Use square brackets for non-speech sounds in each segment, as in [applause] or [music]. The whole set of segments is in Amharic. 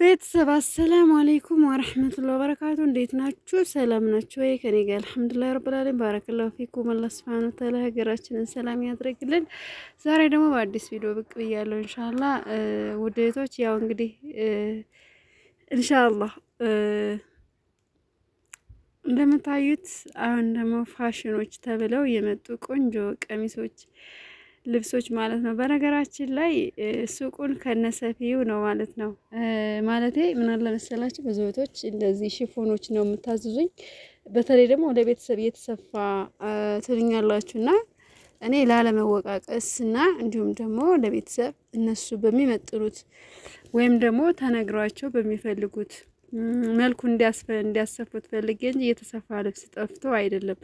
ቤተሰብ አሰላሙ አለይኩም ወረህመቱላሂ ወበረካቱ፣ እንዴት ናችሁ? ሰላም ናችሁ ወይ? ከኔ ጋ አልሐምዱሊላሂ ረብላለን። ዓለሚን ፊኩም። አላ ስብሓን ታላ ሀገራችንን ሰላም ያድረግልን። ዛሬ ደግሞ በአዲስ ቪዲዮ ብቅ ብያለሁ። ኢንሻአላህ ውድ ያው እንግዲህ እንሻላ እንደምታዩት አሁን ደግሞ ፋሽኖች ተብለው የመጡ ቆንጆ ቀሚሶች ልብሶች ማለት ነው። በነገራችን ላይ ሱቁን ከነሰፊው ነው ማለት ነው። ማለቴ ምን አለ መሰላችሁ ብዙ እህቶች እንደዚህ ሽፎኖች ነው የምታዝዙኝ። በተለይ ደግሞ ወደ ቤተሰብ እየተሰፋ ትልኛላችሁ እና እኔ ላለመወቃቀስ እና እንዲሁም ደግሞ ለቤተሰብ እነሱ በሚመጥኑት ወይም ደግሞ ተነግሯቸው በሚፈልጉት መልኩ እንዲያስፈ እንዲያሰፉት ፈልጌ እንጂ እየተሰፋ ልብስ ጠፍቶ አይደለም።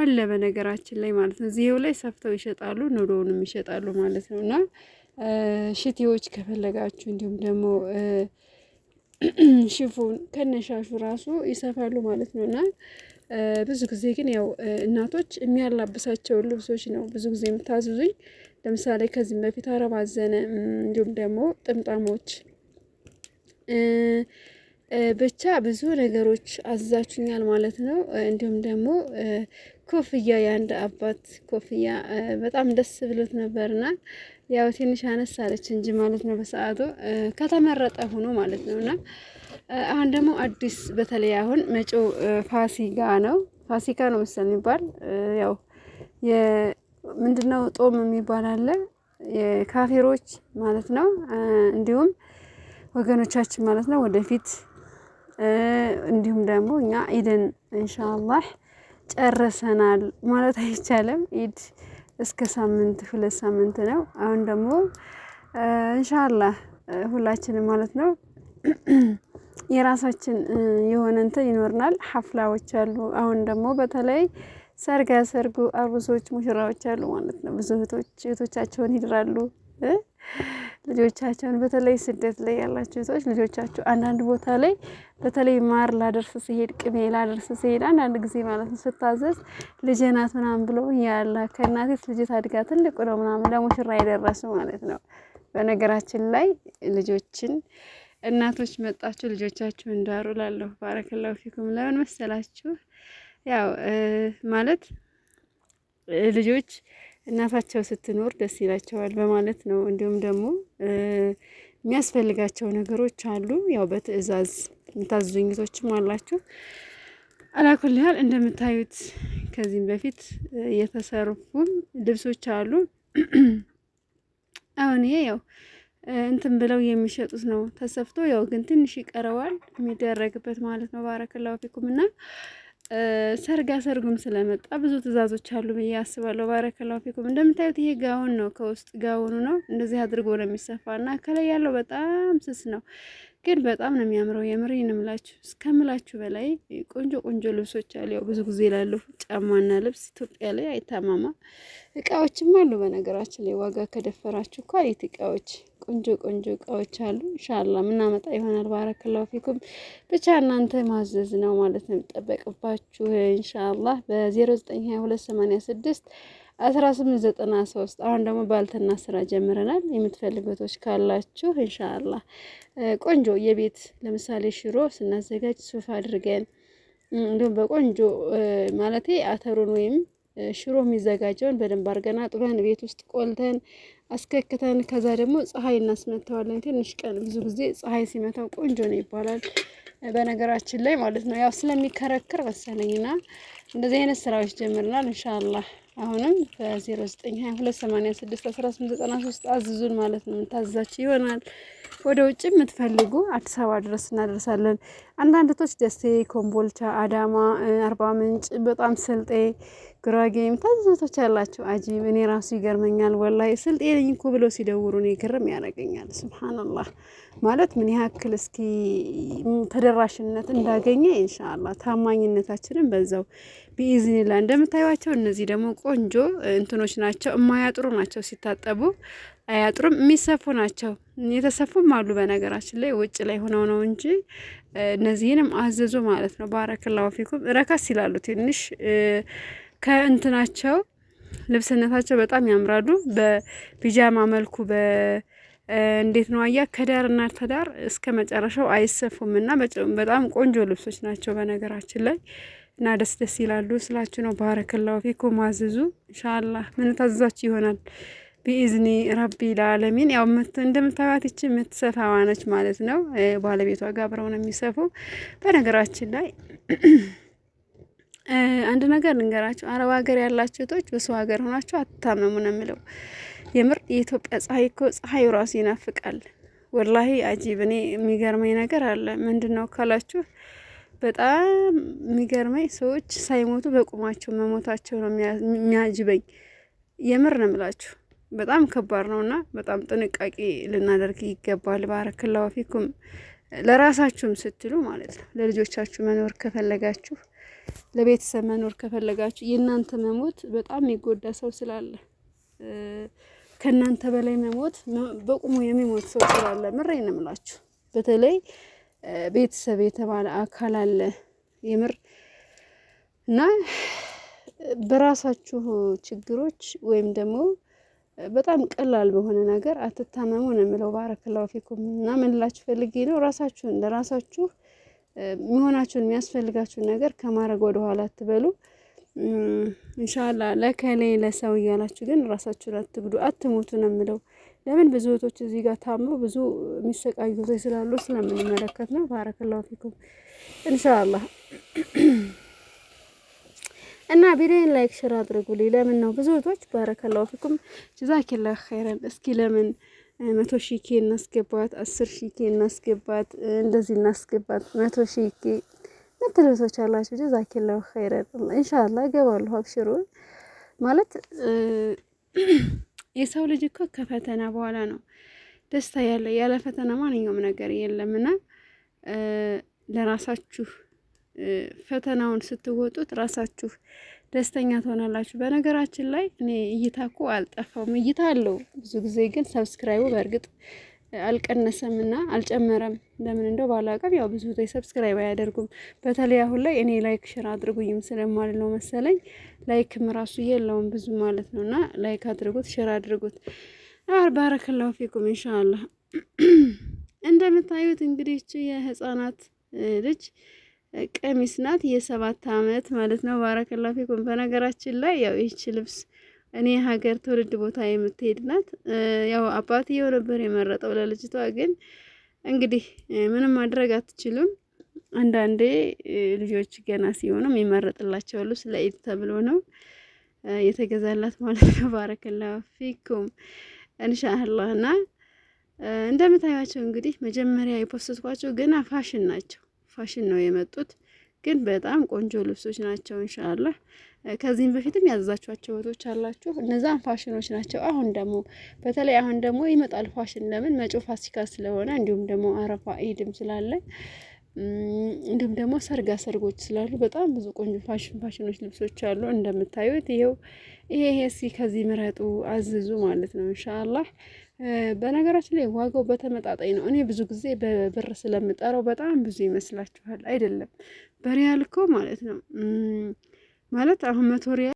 አለ በነገራችን ላይ ማለት ነው። እዚህው ላይ ሰፍተው ይሸጣሉ፣ ኑሮውንም ይሸጣሉ ማለት ነው። እና ሽቴዎች ከፈለጋችሁ እንዲሁም ደግሞ [clears throat] ሽፉን ከነሻሹ ራሱ ይሰፋሉ ማለት ነው። እና ብዙ ጊዜ ግን ያው እናቶች የሚያላብሳቸውን ልብሶች ነው ብዙ ጊዜ የምታዝዙኝ። ለምሳሌ ከዚህም በፊት አረባዘነ እንዲሁም ደግሞ ጥምጣሞች ብቻ ብዙ ነገሮች አዛችኛል ማለት ነው። እንዲሁም ደግሞ ኮፍያ የአንድ አባት ኮፍያ በጣም ደስ ብሎት ነበርና ያው ትንሽ አነስ አለች እንጂ ማለት ነው በሰዓቱ ከተመረጠ ሆኖ ማለት ነው። እና አሁን ደግሞ አዲስ በተለይ አሁን መጪው ፋሲካ ነው ፋሲካ ነው መሰል የሚባል ያው ምንድነው ጦም የሚባል አለ የካፌሮች ማለት ነው። እንዲሁም ወገኖቻችን ማለት ነው ወደፊት እንዲሁም ደግሞ እኛ ኢድን እንሻላህ ጨርሰናል ማለት አይቻልም። ኢድ እስከ ሳምንት ሁለት ሳምንት ነው። አሁን ደግሞ እንሻላህ ሁላችንም ማለት ነው [clears throat] የራሳችን የሆነ እንትን ይኖርናል። ሀፍላዎች አሉ። አሁን ደግሞ በተለይ ሰርግ ያሰርጉ አሩሶች፣ ሙሽራዎች አሉ ማለት ነው። ብዙ እህቶች እህቶቻቸውን ይድራሉ። ልጆቻቸውን በተለይ ስደት ላይ ያላቸው ሰዎች ልጆቻቸው አንዳንድ ቦታ ላይ በተለይ ማር ላደርስ ሲሄድ ቅቤ ላደርስ ሲሄድ አንዳንድ ጊዜ ማለት ነው ስታዘዝ ልጄ ናት ምናምን ብሎ ያለ ከእናቴት ልጅ ታድጋ ትልቁ ነው ምናምን ለሙሽራ የደረሱ ማለት ነው። በነገራችን ላይ ልጆችን እናቶች መጣችሁ ልጆቻችሁ እንዳሩ ላለሁ ባረከላሁ ፊኩም ለምን መሰላችሁ? ያው ማለት ልጆች እናታቸው ስትኖር ደስ ይላቸዋል በማለት ነው። እንዲሁም ደግሞ የሚያስፈልጋቸው ነገሮች አሉ። ያው በትዕዛዝ የምታዙኝቶችም አላችሁ ያህል እንደምታዩት ከዚህም በፊት የተሰሩም ልብሶች አሉ። አሁን ይሄ ያው እንትን ብለው የሚሸጡት ነው ተሰፍቶ ያው ግን ትንሽ ይቀረዋል የሚደረግበት ማለት ነው። ባረከላሁ ፊኩም እና ሰርጋ ሰርጉም ስለመጣ ብዙ ትዕዛዞች አሉ ብዬ አስባለሁ። ባረከላው ፊኩም እንደምታዩት ይሄ ጋውን ነው፣ ከውስጥ ጋውኑ ነው። እንደዚህ አድርጎ ነው የሚሰፋ እና ከላይ ያለው በጣም ስስ ነው። ግን በጣም ነው የሚያምረው። የምሬ እንምላችሁ እስከምላችሁ በላይ ቆንጆ ቆንጆ ልብሶች አሉ። ያው ብዙ ጊዜ ላለሁ ጫማና ልብስ ኢትዮጵያ ላይ አይታማማ እቃዎችም አሉ። በነገራችን ላይ ዋጋ ከደፈራችሁ ኳሊቲ እቃዎች፣ ቆንጆ ቆንጆ እቃዎች አሉ። እንሻላ ምናመጣ ይሆናል። ባረከላሁ ፊኩም። ብቻ እናንተ ማዘዝ ነው ማለት ነው የሚጠበቅባችሁ። እንሻላ በ092286 ሶስት አሁን ደግሞ ባልትና ስራ ጀምረናል። የምትፈልጉ ካላችሁ እንሻላ ቆንጆ የቤት ለምሳሌ ሽሮ ስናዘጋጅ ሱፍ አድርገን እንዲሁም በቆንጆ ማለት አተሩን ወይም ሽሮ የሚዘጋጀውን በደንብ አድርገን አጥበን ቤት ውስጥ ቆልተን አስከክተን ከዛ ደግሞ ፀሐይ እናስመታዋለን። ትንሽ ቀን ብዙ ጊዜ ፀሐይ ሲመታው ቆንጆ ነው ይባላል። በነገራችን ላይ ማለት ነው ያው ስለሚከረክር መሰለኝና እንደዚህ አይነት ስራዎች ጀምረናል። እንሻላ አሁንም በ0922861893 አዝዙን ማለት ነው ታዛች ይሆናል። ወደ ውጭ የምትፈልጉ አዲስ አበባ ድረስ እናደርሳለን። አንዳንድቶች ደሴ፣ ኮምቦልቻ፣ አዳማ፣ አርባ ምንጭ፣ በጣም ስልጤ፣ ጉራጌ የምታዘቶች ያላቸው አጂብ። እኔ ራሱ ይገርመኛል ወላሂ ስልጤ ነኝ እኮ ብለው ሲደውሩ እኔ ግርም ያደርገኛል። ሱብሃነላህ ማለት ምን ያክል እስኪ ተደራሽነት እንዳገኘ ኢንሻአላህ ታማኝነታችንን በዛው ቢኢዝኒላ እንደምታዩቸው። እነዚህ ደግሞ ቆንጆ እንትኖች ናቸው፣ እማያጥሩ ናቸው ሲታጠቡ አያጥሩም። የሚሰፉ ናቸው የተሰፉም አሉ። በነገራችን ላይ ውጭ ላይ ሆነው ነው እንጂ እነዚህንም አዘዙ ማለት ነው። ባረክላው ፊኩም ረከስ ይላሉ። ትንሽ ከእንትናቸው ልብስነታቸው በጣም ያምራሉ። በፒጃማ መልኩ እንዴት ነው አያ ከዳር እና ተዳር እስከ መጨረሻው አይሰፉም እና በጣም ቆንጆ ልብሶች ናቸው በነገራችን ላይ እና ደስ ደስ ይላሉ ስላችሁ ነው። ባረከላሁ ፊኩም አዝዙ። ኢንሻአላህ ምን ታዘዛችሁ ይሆናል ቢኢዝኒ ረቢ ለዓለሚን ያው እንደምታዩት ይቺ የምትሰፋ ነች ማለት ነው። ባለቤቷ ጋር አብረው ነው የሚሰፉ። በነገራችን ላይ አንድ ነገር ልንገራችሁ፣ አረብ ሀገር ያላችሁ እህቶች በሰው ሀገር ሆናችሁ አታመሙ ነው የምለው። የምር የኢትዮጵያ ፀሐይ እኮ ፀሐዩ ራሱ ይናፍቃል። ወላሂ አጂብ። እኔ የሚገርመኝ ነገር አለ። ምንድን ነው ካላችሁ በጣም የሚገርመኝ ሰዎች ሳይሞቱ በቁማቸው መሞታቸው ነው የሚያጅበኝ። የምር ነው የምላችሁ። በጣም ከባድ ነው እና በጣም ጥንቃቄ ልናደርግ ይገባል። ባረክላሁ ፊኩም። ለራሳችሁም ስትሉ ማለት ነው። ለልጆቻችሁ መኖር ከፈለጋችሁ፣ ለቤተሰብ መኖር ከፈለጋችሁ የእናንተ መሞት በጣም የሚጎዳ ሰው ስላለ ከእናንተ በላይ መሞት በቁሙ የሚሞት ሰው ስላለ ምሬ ነው የምላችሁ። በተለይ ቤተሰብ የተባለ አካል አለ የምር እና በራሳችሁ ችግሮች ወይም ደግሞ በጣም ቀላል በሆነ ነገር አትታመሙ ነው የምለው። ባረክላው ፊኩም እና ምንላችሁ ፈልጌ ነው ራሳችሁን ለራሳችሁ የሚሆናችሁን የሚያስፈልጋችሁን ነገር ከማድረግ ወደኋላ አትበሉ። እንሻላ ለከሌ ለሰው እያላችሁ ግን ራሳችሁን አትግዱ፣ አትሞቱ ነው የምለው። ለምን ብዙ እህቶች እዚህ ጋር ታምሮ ብዙ የሚሰቃዩ እህቶች ስላሉ ስለምንመለከት ነው። ባረክላው ፊኩም እንሻላ እና ቪዲዮን ላይክ ሼር አድርጉልኝ። ለምን ነው ብዙ እህቶች ባረከላሁ ፊኩም ጀዛኪላህ ኸይረን እስኪ ለምን መቶ ሺህ ኬ እናስገባት፣ አስር ሺህ ኬ እናስገባት፣ እንደዚህ እናስገባት፣ መቶ ሺህ ኬ ምትሉ እህቶች አላችሁ። ጀዛኪላሁ ኸይረን ኢንሻአላህ እገባለሁ። አብሽሩ ማለት የሰው ልጅ እኮ ከፈተና በኋላ ነው ደስታ ያለ። ያለ ፈተና ማንኛውም ነገር የለምና ለራሳችሁ ፈተናውን ስትወጡት ራሳችሁ ደስተኛ ትሆናላችሁ። በነገራችን ላይ እኔ እይታ እኮ አልጠፋውም፣ እይታ አለው። ብዙ ጊዜ ግን ሰብስክራይቡ በእርግጥ አልቀነሰም እና አልጨመረም። ለምን እንደው ባላውቅም፣ ያው ብዙ ጊዜ ሰብስክራይብ አያደርጉም። በተለይ አሁን ላይ እኔ ላይክ ሽር አድርጉኝም ስለማልለው መሰለኝ ላይክም ራሱ የለውም ብዙ ማለት ነው። እና ላይክ አድርጉት፣ ሽር አድርጉት። ባረከላሁ ፊኩም ኢንሻአላህ። [clears throat] እንደምታዩት እንግዲህ እቺ የህፃናት ልጅ ቀሚስ ናት። የሰባት አመት ማለት ነው። ባረከላ ፊኩም። በነገራችን ላይ ያው ይህች ልብስ እኔ ሀገር ትውልድ ቦታ የምትሄድ ናት። ያው አባትየው ነበር የመረጠው ለልጅቷ። ግን እንግዲህ ምንም ማድረግ አትችሉም። አንዳንዴ ልጆች ገና ሲሆኑ የሚመረጥላቸው ልብስ ለኢድ ተብሎ ነው የተገዛላት ማለት ነው። ባረከላ ፊኩም እንሻአላህ እና እንደምታዩቸው እንግዲህ መጀመሪያ የፖስትኳቸው ገና ፋሽን ናቸው። ፋሽን ነው የመጡት። ግን በጣም ቆንጆ ልብሶች ናቸው። እንሻላ ከዚህም በፊትም ያዘዛችኋቸው ወቶች አላችሁ። እነዛን ፋሽኖች ናቸው። አሁን ደግሞ በተለይ አሁን ደግሞ ይመጣል ፋሽን። ለምን መጪው ፋሲካ ስለሆነ እንዲሁም ደግሞ አረፋ ኢድም ስላለ እንዲሁም ደግሞ ሰርጋ ሰርጎች ስላሉ በጣም ብዙ ቆንጆ ፋሽን ፋሽኖች ልብሶች አሉ። እንደምታዩት ይኸው ይሄ ይሄ እስኪ ከዚህ ምረጡ አዝዙ ማለት ነው እንሻላ በነገራችን ላይ ዋጋው በተመጣጣኝ ነው። እኔ ብዙ ጊዜ በብር ስለምጠራው በጣም ብዙ ይመስላችኋል። አይደለም በሪያል እኮ ማለት ነው ማለት አሁን መቶ ሪያል